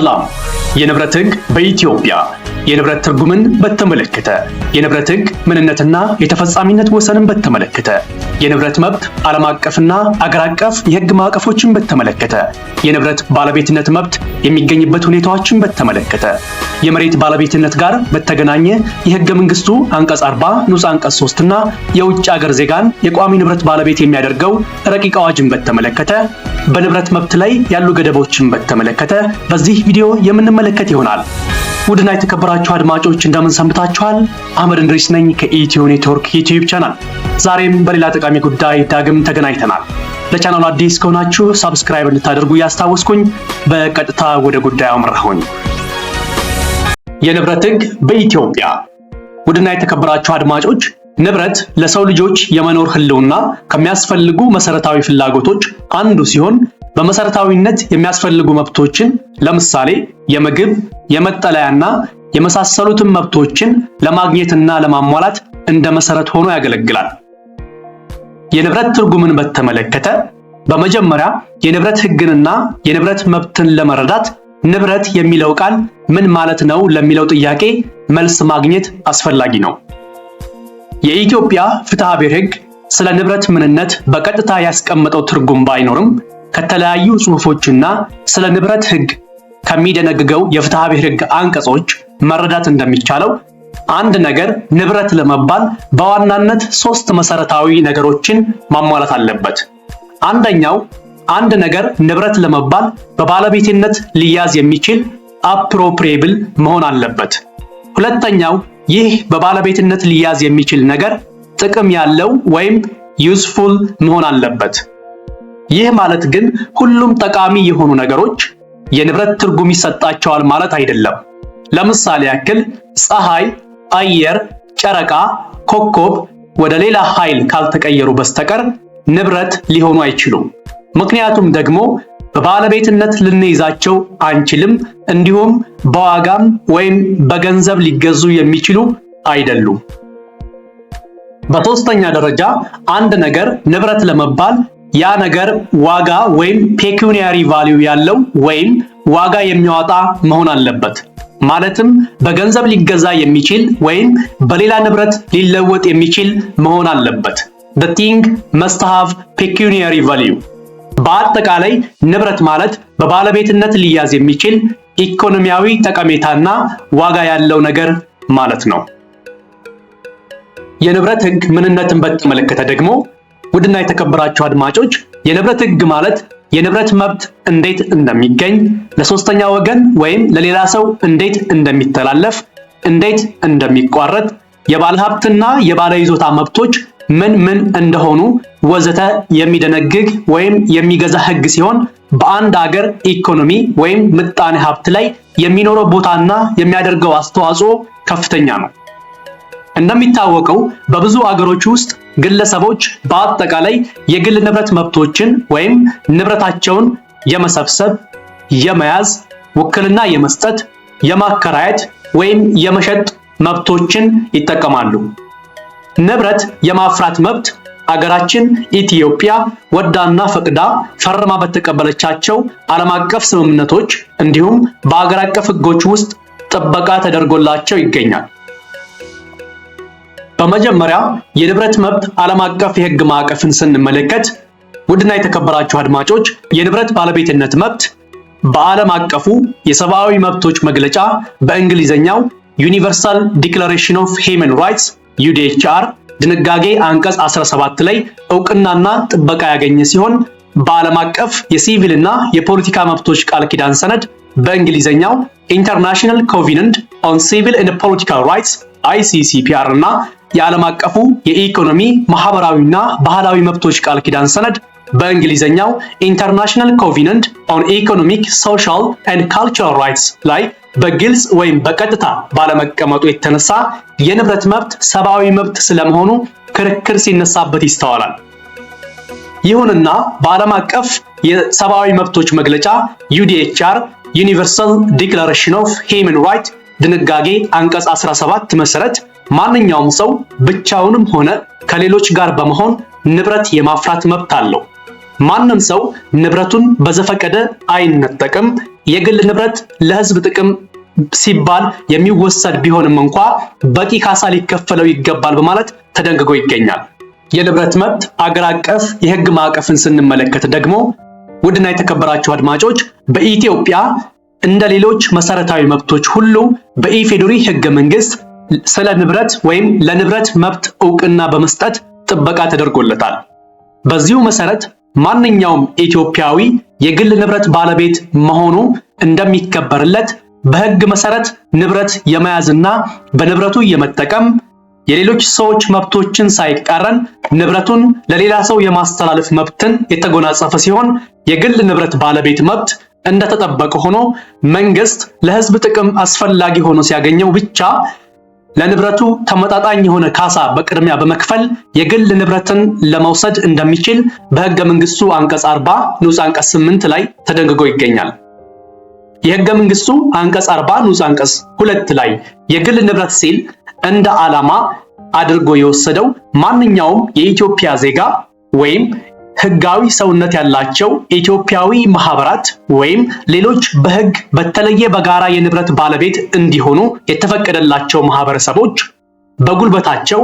冷。የንብረት ህግ በኢትዮጵያ የንብረት ትርጉምን በተመለከተ የንብረት ህግ ምንነትና የተፈጻሚነት ወሰንን በተመለከተ የንብረት መብት ዓለም አቀፍና አገር አቀፍ የህግ ማዕቀፎችን በተመለከተ የንብረት ባለቤትነት መብት የሚገኝበት ሁኔታዎችን በተመለከተ የመሬት ባለቤትነት ጋር በተገናኘ የህገ መንግስቱ አንቀጽ 40 ንዑስ አንቀጽ 3 እና የውጭ አገር ዜጋን የቋሚ ንብረት ባለቤት የሚያደርገው ረቂቅ አዋጅን በተመለከተ በንብረት መብት ላይ ያሉ ገደቦችን በተመለከተ በዚህ ቪዲዮ የምንመ የምንመለከት ይሆናል። ውድና የተከበራችሁ አድማጮች እንደምን ሰንብታችኋል? አህመድ እንድሪስ ነኝ ከኢትዮ ኔትወርክ ዩቲዩብ ቻናል። ዛሬም በሌላ ጠቃሚ ጉዳይ ዳግም ተገናኝተናል። ለቻናሉ አዲስ ከሆናችሁ ሳብስክራይብ እንድታደርጉ እያስታወስኩኝ በቀጥታ ወደ ጉዳዩ አምራሁኝ። የንብረት ሕግ በኢትዮጵያ ውድና የተከበራችሁ አድማጮች ንብረት ለሰው ልጆች የመኖር ህልውና ከሚያስፈልጉ መሰረታዊ ፍላጎቶች አንዱ ሲሆን በመሰረታዊነት የሚያስፈልጉ መብቶችን ለምሳሌ የምግብ፣ የመጠለያና የመሳሰሉትን መብቶችን ለማግኘትና ለማሟላት እንደ መሰረት ሆኖ ያገለግላል። የንብረት ትርጉምን በተመለከተ በመጀመሪያ የንብረት ሕግንና የንብረት መብትን ለመረዳት ንብረት የሚለው ቃል ምን ማለት ነው ለሚለው ጥያቄ መልስ ማግኘት አስፈላጊ ነው። የኢትዮጵያ ፍትሐ ብሔር ሕግ ስለ ንብረት ምንነት በቀጥታ ያስቀመጠው ትርጉም ባይኖርም ከተለያዩ ጽሑፎችና ስለ ንብረት ሕግ ከሚደነግገው የፍትሐ ብሔር ሕግ አንቀጾች መረዳት እንደሚቻለው አንድ ነገር ንብረት ለመባል በዋናነት ሶስት መሰረታዊ ነገሮችን ማሟላት አለበት። አንደኛው አንድ ነገር ንብረት ለመባል በባለቤትነት ሊያዝ የሚችል አፕሮፕሪብል መሆን አለበት። ሁለተኛው ይህ በባለቤትነት ሊያዝ የሚችል ነገር ጥቅም ያለው ወይም ዩዝፉል መሆን አለበት። ይህ ማለት ግን ሁሉም ጠቃሚ የሆኑ ነገሮች የንብረት ትርጉም ይሰጣቸዋል ማለት አይደለም። ለምሳሌ ያክል ፀሐይ፣ አየር፣ ጨረቃ፣ ኮከብ ወደ ሌላ ኃይል ካልተቀየሩ በስተቀር ንብረት ሊሆኑ አይችሉም። ምክንያቱም ደግሞ በባለቤትነት ልንይዛቸው አንችልም፣ እንዲሁም በዋጋም ወይም በገንዘብ ሊገዙ የሚችሉ አይደሉም። በሶስተኛ ደረጃ አንድ ነገር ንብረት ለመባል ያ ነገር ዋጋ ወይም ፔኩኒያሪ ቫሊዩ ያለው ወይም ዋጋ የሚያወጣ መሆን አለበት። ማለትም በገንዘብ ሊገዛ የሚችል ወይም በሌላ ንብረት ሊለወጥ የሚችል መሆን አለበት። the thing must have pecuniary value። በአጠቃላይ ንብረት ማለት በባለቤትነት ሊያዝ የሚችል ኢኮኖሚያዊ ጠቀሜታና ዋጋ ያለው ነገር ማለት ነው። የንብረት ህግ ምንነትን በተመለከተ ደግሞ ውድና የተከበራችሁ አድማጮች የንብረት ህግ ማለት የንብረት መብት እንዴት እንደሚገኝ ለሶስተኛ ወገን ወይም ለሌላ ሰው እንዴት እንደሚተላለፍ፣ እንዴት እንደሚቋረጥ፣ የባለ ሀብትና የባለ ይዞታ መብቶች ምን ምን እንደሆኑ ወዘተ የሚደነግግ ወይም የሚገዛ ህግ ሲሆን በአንድ ሀገር ኢኮኖሚ ወይም ምጣኔ ሀብት ላይ የሚኖረው ቦታና የሚያደርገው አስተዋጽኦ ከፍተኛ ነው። እንደሚታወቀው በብዙ አገሮች ውስጥ ግለሰቦች በአጠቃላይ የግል ንብረት መብቶችን ወይም ንብረታቸውን የመሰብሰብ፣ የመያዝ፣ ውክልና የመስጠት፣ የማከራየት ወይም የመሸጥ መብቶችን ይጠቀማሉ። ንብረት የማፍራት መብት አገራችን ኢትዮጵያ ወዳና ፈቅዳ ፈርማ በተቀበለቻቸው ዓለም አቀፍ ስምምነቶች እንዲሁም በአገር አቀፍ ሕጎች ውስጥ ጥበቃ ተደርጎላቸው ይገኛል። በመጀመሪያ የንብረት መብት ዓለም አቀፍ የህግ ማዕቀፍን ስንመለከት ውድና የተከበራችሁ አድማጮች የንብረት ባለቤትነት መብት በዓለም አቀፉ የሰብአዊ መብቶች መግለጫ በእንግሊዘኛው ዩኒቨርሳል ዲክላሬሽን ኦፍ ሂውመን ራይትስ ዩዲኤችአር ድንጋጌ አንቀጽ 17 ላይ እውቅናና ጥበቃ ያገኘ ሲሆን በዓለም አቀፍ የሲቪልና የፖለቲካ መብቶች ቃል ኪዳን ሰነድ በእንግሊዘኛው ኢንተርናሽናል ኮቪነንት ኦን ሲቪል ኤንድ ፖለቲካል ራይትስ አይሲሲፒአር እና የዓለም አቀፉ የኢኮኖሚ ማህበራዊና ባህላዊ መብቶች ቃል ኪዳን ሰነድ በእንግሊዘኛው ኢንተርናሽናል ኮቪነንት ኦን ኢኮኖሚክ ሶሻል ኤንድ ካልቸራል ራይትስ ላይ በግልጽ ወይም በቀጥታ ባለመቀመጡ የተነሳ የንብረት መብት ሰብአዊ መብት ስለመሆኑ ክርክር ሲነሳበት ይስተዋላል። ይሁንና በዓለም አቀፍ የሰብአዊ መብቶች መግለጫ ዩዲኤችአር ዩኒቨርሳል ዲክላሬሽን ኦፍ ሂማን ራይት ድንጋጌ አንቀጽ 17 መሰረት ማንኛውም ሰው ብቻውንም ሆነ ከሌሎች ጋር በመሆን ንብረት የማፍራት መብት አለው። ማንም ሰው ንብረቱን በዘፈቀደ አይነጠቅም። የግል ንብረት ለሕዝብ ጥቅም ሲባል የሚወሰድ ቢሆንም እንኳ በቂ ካሳ ሊከፈለው ይገባል በማለት ተደንግጎ ይገኛል። የንብረት መብት አገር አቀፍ የህግ ማዕቀፍን ስንመለከት ደግሞ ውድና የተከበራችሁ አድማጮች በኢትዮጵያ እንደ ሌሎች መሰረታዊ መብቶች ሁሉ በኢፌዴሪ ህገ መንግስት ስለ ንብረት ወይም ለንብረት መብት እውቅና በመስጠት ጥበቃ ተደርጎለታል። በዚሁ መሰረት ማንኛውም ኢትዮጵያዊ የግል ንብረት ባለቤት መሆኑ እንደሚከበርለት በሕግ መሰረት ንብረት የመያዝና በንብረቱ የመጠቀም የሌሎች ሰዎች መብቶችን ሳይቃረን ንብረቱን ለሌላ ሰው የማስተላለፍ መብትን የተጎናጸፈ ሲሆን የግል ንብረት ባለቤት መብት እንደተጠበቀ ሆኖ መንግስት ለህዝብ ጥቅም አስፈላጊ ሆኖ ሲያገኘው ብቻ ለንብረቱ ተመጣጣኝ የሆነ ካሳ በቅድሚያ በመክፈል የግል ንብረትን ለመውሰድ እንደሚችል በህገ መንግስቱ አንቀጽ 40 ንዑስ አንቀጽ 8 ላይ ተደንግጎ ይገኛል። የህገ መንግስቱ አንቀጽ 40 ንዑስ አንቀጽ 2 ላይ የግል ንብረት ሲል እንደ ዓላማ አድርጎ የወሰደው ማንኛውም የኢትዮጵያ ዜጋ ወይም ህጋዊ ሰውነት ያላቸው ኢትዮጵያዊ ማህበራት ወይም ሌሎች በህግ በተለየ በጋራ የንብረት ባለቤት እንዲሆኑ የተፈቀደላቸው ማህበረሰቦች በጉልበታቸው፣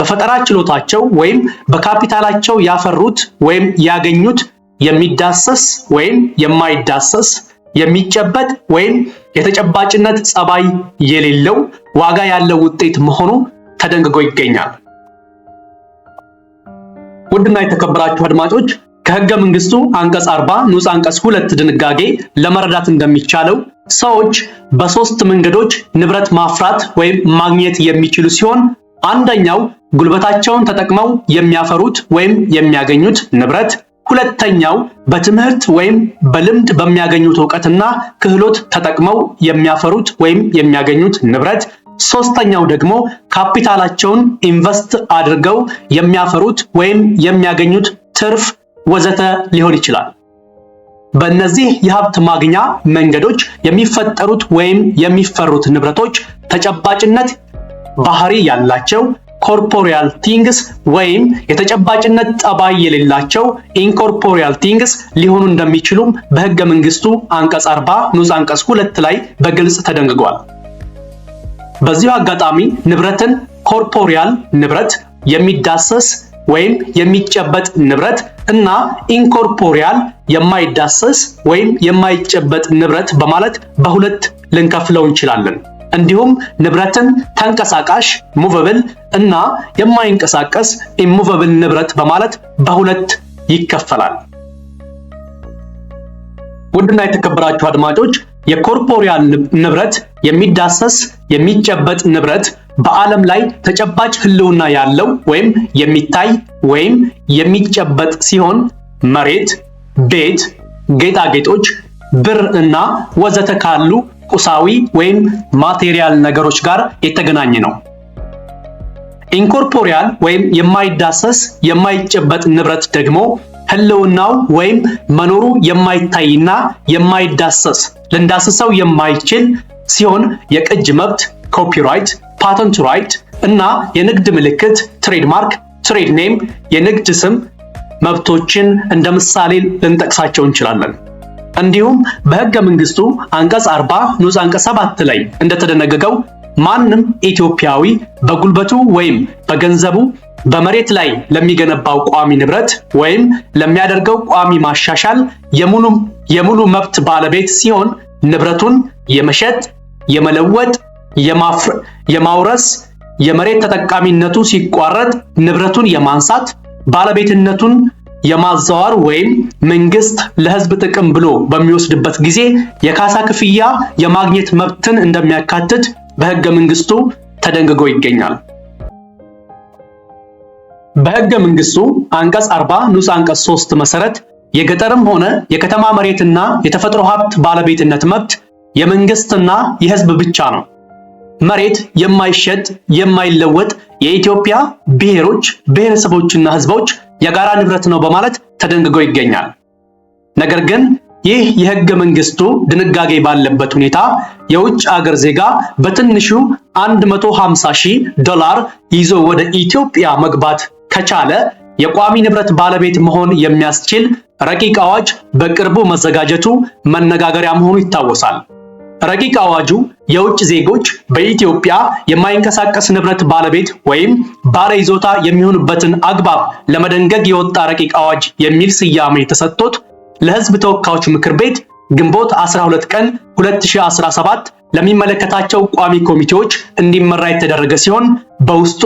በፈጠራ ችሎታቸው ወይም በካፒታላቸው ያፈሩት ወይም ያገኙት የሚዳሰስ ወይም የማይዳሰስ የሚጨበጥ ወይም የተጨባጭነት ጸባይ የሌለው ዋጋ ያለው ውጤት መሆኑ ተደንግጎ ይገኛል። ውድና የተከበራችሁ አድማጮች ከህገ መንግስቱ አንቀጽ 40 ንዑስ አንቀጽ ሁለት ድንጋጌ ለመረዳት እንደሚቻለው ሰዎች በሶስት መንገዶች ንብረት ማፍራት ወይም ማግኘት የሚችሉ ሲሆን አንደኛው ጉልበታቸውን ተጠቅመው የሚያፈሩት ወይም የሚያገኙት ንብረት፣ ሁለተኛው በትምህርት ወይም በልምድ በሚያገኙት እውቀትና ክህሎት ተጠቅመው የሚያፈሩት ወይም የሚያገኙት ንብረት፣ ሶስተኛው ደግሞ ካፒታላቸውን ኢንቨስት አድርገው የሚያፈሩት ወይም የሚያገኙት ትርፍ ወዘተ ሊሆን ይችላል። በእነዚህ የሀብት ማግኛ መንገዶች የሚፈጠሩት ወይም የሚፈሩት ንብረቶች ተጨባጭነት ባህሪ ያላቸው ኮርፖሪያል ቲንግስ ወይም የተጨባጭነት ጠባይ የሌላቸው ኢንኮርፖሪያል ቲንግስ ሊሆኑ እንደሚችሉም በህገ መንግስቱ አንቀጽ 40 ንዑስ አንቀጽ ሁለት ላይ በግልጽ ተደንግጓል። በዚሁ አጋጣሚ ንብረትን ኮርፖሪያል ንብረት የሚዳሰስ ወይም የሚጨበጥ ንብረት እና ኢንኮርፖሪያል የማይዳሰስ ወይም የማይጨበጥ ንብረት በማለት በሁለት ልንከፍለው እንችላለን። እንዲሁም ንብረትን ተንቀሳቃሽ ሙቨብል እና የማይንቀሳቀስ ኢሙቨብል ንብረት በማለት በሁለት ይከፈላል። ውድና የተከበራችሁ አድማጮች የኮርፖሪያል ንብረት የሚዳሰስ የሚጨበጥ ንብረት በዓለም ላይ ተጨባጭ ህልውና ያለው ወይም የሚታይ ወይም የሚጨበጥ ሲሆን መሬት፣ ቤት፣ ጌጣጌጦች፣ ብር እና ወዘተ ካሉ ቁሳዊ ወይም ማቴሪያል ነገሮች ጋር የተገናኘ ነው። ኢንኮርፖሪያል ወይም የማይዳሰስ የማይጨበጥ ንብረት ደግሞ ህልውናው ወይም መኖሩ የማይታይና የማይዳሰስ ልንዳስሰው የማይችል ሲሆን የቅጅ መብት ኮፒራይት፣ ፓተንት ራይት እና የንግድ ምልክት ትሬድማርክ፣ ትሬድ ኔም፣ የንግድ ስም መብቶችን እንደ ምሳሌ ልንጠቅሳቸው እንችላለን። እንዲሁም በህገ መንግስቱ አንቀጽ 40 ንዑስ አንቀጽ 7 ላይ እንደተደነገገው ማንም ኢትዮጵያዊ በጉልበቱ ወይም በገንዘቡ በመሬት ላይ ለሚገነባው ቋሚ ንብረት ወይም ለሚያደርገው ቋሚ ማሻሻል የሙሉ መብት ባለቤት ሲሆን ንብረቱን የመሸጥ፣ የመለወጥ፣ የማውረስ የመሬት ተጠቃሚነቱ ሲቋረጥ ንብረቱን የማንሳት ባለቤትነቱን የማዛዋር ወይም መንግስት ለሕዝብ ጥቅም ብሎ በሚወስድበት ጊዜ የካሳ ክፍያ የማግኘት መብትን እንደሚያካትት በህገ መንግስቱ ተደንግጎ ይገኛል። በህገ መንግስቱ አንቀጽ 40 ንዑስ አንቀጽ 3 መሰረት የገጠርም ሆነ የከተማ መሬትና የተፈጥሮ ሀብት ባለቤትነት መብት የመንግስትና የህዝብ ብቻ ነው። መሬት የማይሸጥ የማይለወጥ የኢትዮጵያ ብሔሮች ብሔረሰቦችና ህዝቦች የጋራ ንብረት ነው በማለት ተደንግጎ ይገኛል። ነገር ግን ይህ የህገ መንግስቱ ድንጋጌ ባለበት ሁኔታ የውጭ አገር ዜጋ በትንሹ 150 ሺህ ዶላር ይዞ ወደ ኢትዮጵያ መግባት ከቻለ የቋሚ ንብረት ባለቤት መሆን የሚያስችል ረቂቅ አዋጅ በቅርቡ መዘጋጀቱ መነጋገሪያ መሆኑ ይታወሳል። ረቂቅ አዋጁ የውጭ ዜጎች በኢትዮጵያ የማይንቀሳቀስ ንብረት ባለቤት ወይም ባለ ይዞታ የሚሆኑበትን አግባብ ለመደንገግ የወጣ ረቂቅ አዋጅ የሚል ስያሜ ተሰጥቶት ለህዝብ ተወካዮች ምክር ቤት ግንቦት 12 ቀን 2017 ለሚመለከታቸው ቋሚ ኮሚቴዎች እንዲመራ የተደረገ ሲሆን በውስጡ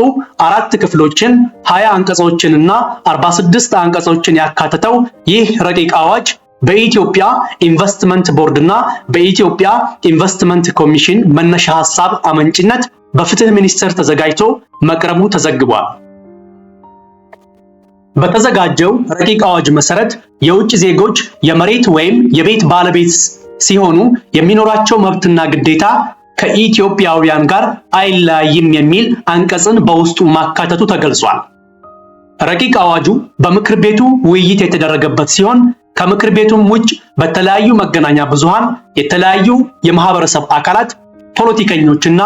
አራት ክፍሎችን 20 አንቀጾችንና 46 አንቀጾችን ያካተተው ይህ ረቂቅ አዋጅ በኢትዮጵያ ኢንቨስትመንት ቦርድና በኢትዮጵያ ኢንቨስትመንት ኮሚሽን መነሻ ሀሳብ አመንጭነት በፍትህ ሚኒስቴር ተዘጋጅቶ መቅረቡ ተዘግቧል። በተዘጋጀው ረቂቅ አዋጅ መሰረት የውጭ ዜጎች የመሬት ወይም የቤት ባለቤት ሲሆኑ የሚኖራቸው መብትና ግዴታ ከኢትዮጵያውያን ጋር አይለያይም የሚል አንቀጽን በውስጡ ማካተቱ ተገልጿል። ረቂቅ አዋጁ በምክር ቤቱ ውይይት የተደረገበት ሲሆን ከምክር ቤቱም ውጭ በተለያዩ መገናኛ ብዙሃን የተለያዩ የማህበረሰብ አካላት ፖለቲከኞችና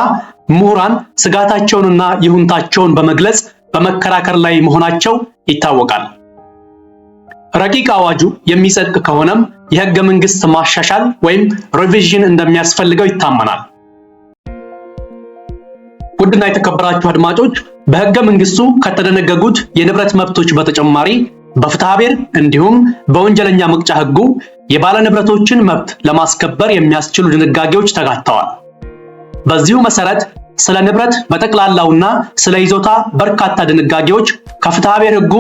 ምሁራን ስጋታቸውንና ይሁንታቸውን በመግለጽ በመከራከር ላይ መሆናቸው ይታወቃል። ረቂቅ አዋጁ የሚጸድቅ ከሆነም የህገ መንግስት ማሻሻል ወይም ሪቪዥን እንደሚያስፈልገው ይታመናል። ውድና የተከበራችሁ አድማጮች በህገ መንግስቱ ከተደነገጉት የንብረት መብቶች በተጨማሪ በፍትሐብሔር እንዲሁም በወንጀለኛ መቅጫ ህጉ የባለ ንብረቶችን መብት ለማስከበር የሚያስችሉ ድንጋጌዎች ተካተዋል። በዚሁ መሰረት ስለ ንብረት በጠቅላላውና ስለ ይዞታ በርካታ ድንጋጌዎች ከፍትሐብሔር ሕጉ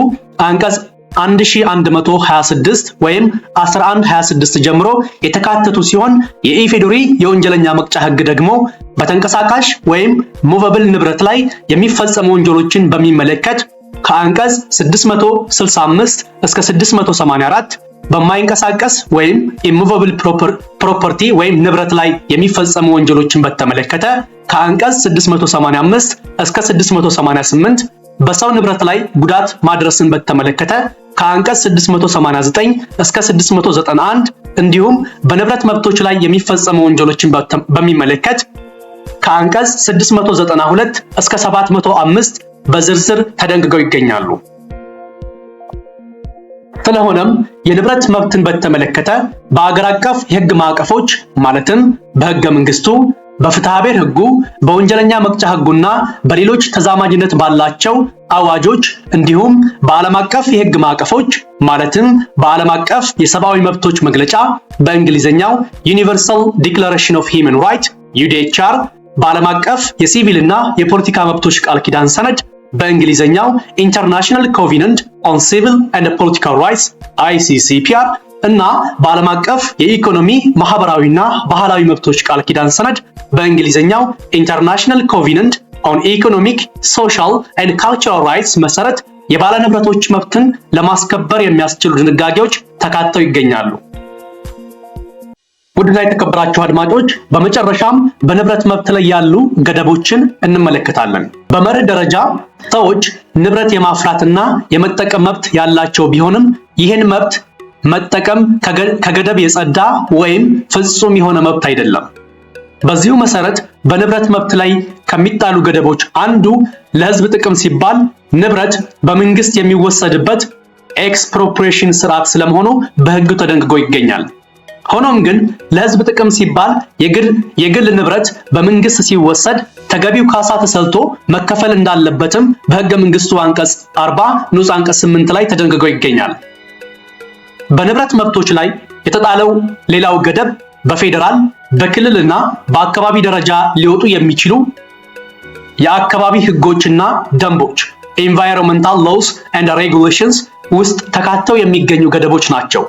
አንቀጽ 1126 ወይም 1126 ጀምሮ የተካተቱ ሲሆን የኢፌዴሪ የወንጀለኛ መቅጫ ሕግ ደግሞ በተንቀሳቃሽ ወይም ሙቨብል ንብረት ላይ የሚፈጸሙ ወንጀሎችን በሚመለከት ከአንቀጽ 665 እስከ 684 በማይንቀሳቀስ ወይም ኢሙቨብል ፕሮፐርቲ ወይም ንብረት ላይ የሚፈጸሙ ወንጀሎችን በተመለከተ ከአንቀጽ 685 እስከ 688 በሰው ንብረት ላይ ጉዳት ማድረስን በተመለከተ ከአንቀጽ 689 እስከ 691 እንዲሁም በንብረት መብቶች ላይ የሚፈጸሙ ወንጀሎችን በሚመለከት ከአንቀጽ 692 እስከ 705 በዝርዝር ተደንግገው ይገኛሉ። ስለሆነም የንብረት መብትን በተመለከተ በአገር አቀፍ የህግ ማዕቀፎች ማለትም በህገ መንግስቱ በፍትሐብሔር ህጉ በወንጀለኛ መቅጫ ህጉና በሌሎች ተዛማጅነት ባላቸው አዋጆች እንዲሁም በዓለም አቀፍ የህግ ማዕቀፎች ማለትም በዓለም አቀፍ የሰብአዊ መብቶች መግለጫ በእንግሊዝኛው ዩኒቨርሳል ዲክላሬሽን ኦፍ ሂማን ራይት ዩዲኤችአር በዓለም አቀፍ የሲቪልና የፖለቲካ መብቶች ቃል ኪዳን ሰነድ በእንግሊዝኛው ኢንተርናሽናል ኮቪነንት ኦን ሲቪል ኤንድ ፖለቲካል ራይትስ አይሲሲፒአር እና በዓለም አቀፍ የኢኮኖሚ ማህበራዊና ባህላዊ መብቶች ቃል ኪዳን ሰነድ በእንግሊዝኛው ኢንተርናሽናል ኮቪነንት ኦን ኢኮኖሚክ ሶሻል ኤንድ ካልቸራል ራይትስ መሰረት የባለንብረቶች መብትን ለማስከበር የሚያስችሉ ድንጋጌዎች ተካተው ይገኛሉ። ውድና የተከበራችሁ አድማጮች በመጨረሻም በንብረት መብት ላይ ያሉ ገደቦችን እንመለከታለን። በመርህ ደረጃ ሰዎች ንብረት የማፍራትና የመጠቀም መብት ያላቸው ቢሆንም ይህን መብት መጠቀም ከገደብ የጸዳ ወይም ፍጹም የሆነ መብት አይደለም። በዚሁ መሰረት በንብረት መብት ላይ ከሚጣሉ ገደቦች አንዱ ለሕዝብ ጥቅም ሲባል ንብረት በመንግስት የሚወሰድበት ኤክስፕሮፕሪሽን ስርዓት ስለመሆኑ በህግ ተደንግጎ ይገኛል። ሆኖም ግን ለህዝብ ጥቅም ሲባል የግል ንብረት በመንግስት ሲወሰድ ተገቢው ካሳ ተሰልቶ መከፈል እንዳለበትም በህገ መንግስቱ አንቀጽ 40 ንዑስ አንቀጽ 8 ላይ ተደንግጎ ይገኛል። በንብረት መብቶች ላይ የተጣለው ሌላው ገደብ በፌዴራል በክልልና በአካባቢ ደረጃ ሊወጡ የሚችሉ የአካባቢ ህጎችና ደንቦች ኢንቫይሮንመንታል ሎውስ ኤንድ ሬጉሌሽንስ ውስጥ ተካተው የሚገኙ ገደቦች ናቸው።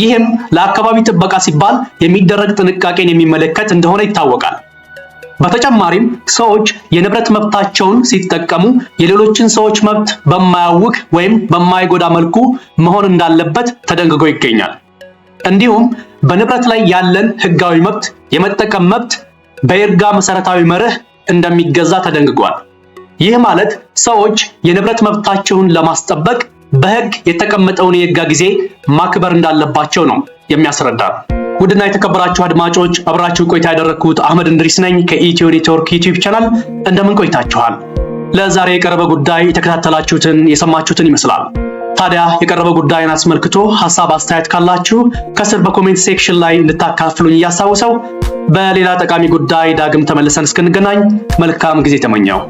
ይህም ለአካባቢ ጥበቃ ሲባል የሚደረግ ጥንቃቄን የሚመለከት እንደሆነ ይታወቃል። በተጨማሪም ሰዎች የንብረት መብታቸውን ሲጠቀሙ የሌሎችን ሰዎች መብት በማያውክ ወይም በማይጎዳ መልኩ መሆን እንዳለበት ተደንግጎ ይገኛል። እንዲሁም በንብረት ላይ ያለን ሕጋዊ መብት የመጠቀም መብት በይርጋ መሰረታዊ መርህ እንደሚገዛ ተደንግጓል። ይህ ማለት ሰዎች የንብረት መብታቸውን ለማስጠበቅ በህግ የተቀመጠውን የህጋ ጊዜ ማክበር እንዳለባቸው ነው የሚያስረዳ ውድና የተከበራችሁ አድማጮች አብራችሁ ቆይታ ያደረግኩት አህመድ እንድሪስ ነኝ ከኢትዮ ኔትወርክ ዩቲዩብ ቻናል። እንደምን ቆይታችኋል? ለዛሬ የቀረበ ጉዳይ የተከታተላችሁትን የሰማችሁትን ይመስላል። ታዲያ የቀረበ ጉዳይን አስመልክቶ ሀሳብ አስተያየት ካላችሁ ከስር በኮሜንት ሴክሽን ላይ እንድታካፍሉኝ እያስታውሰው በሌላ ጠቃሚ ጉዳይ ዳግም ተመልሰን እስክንገናኝ መልካም ጊዜ ተመኘው።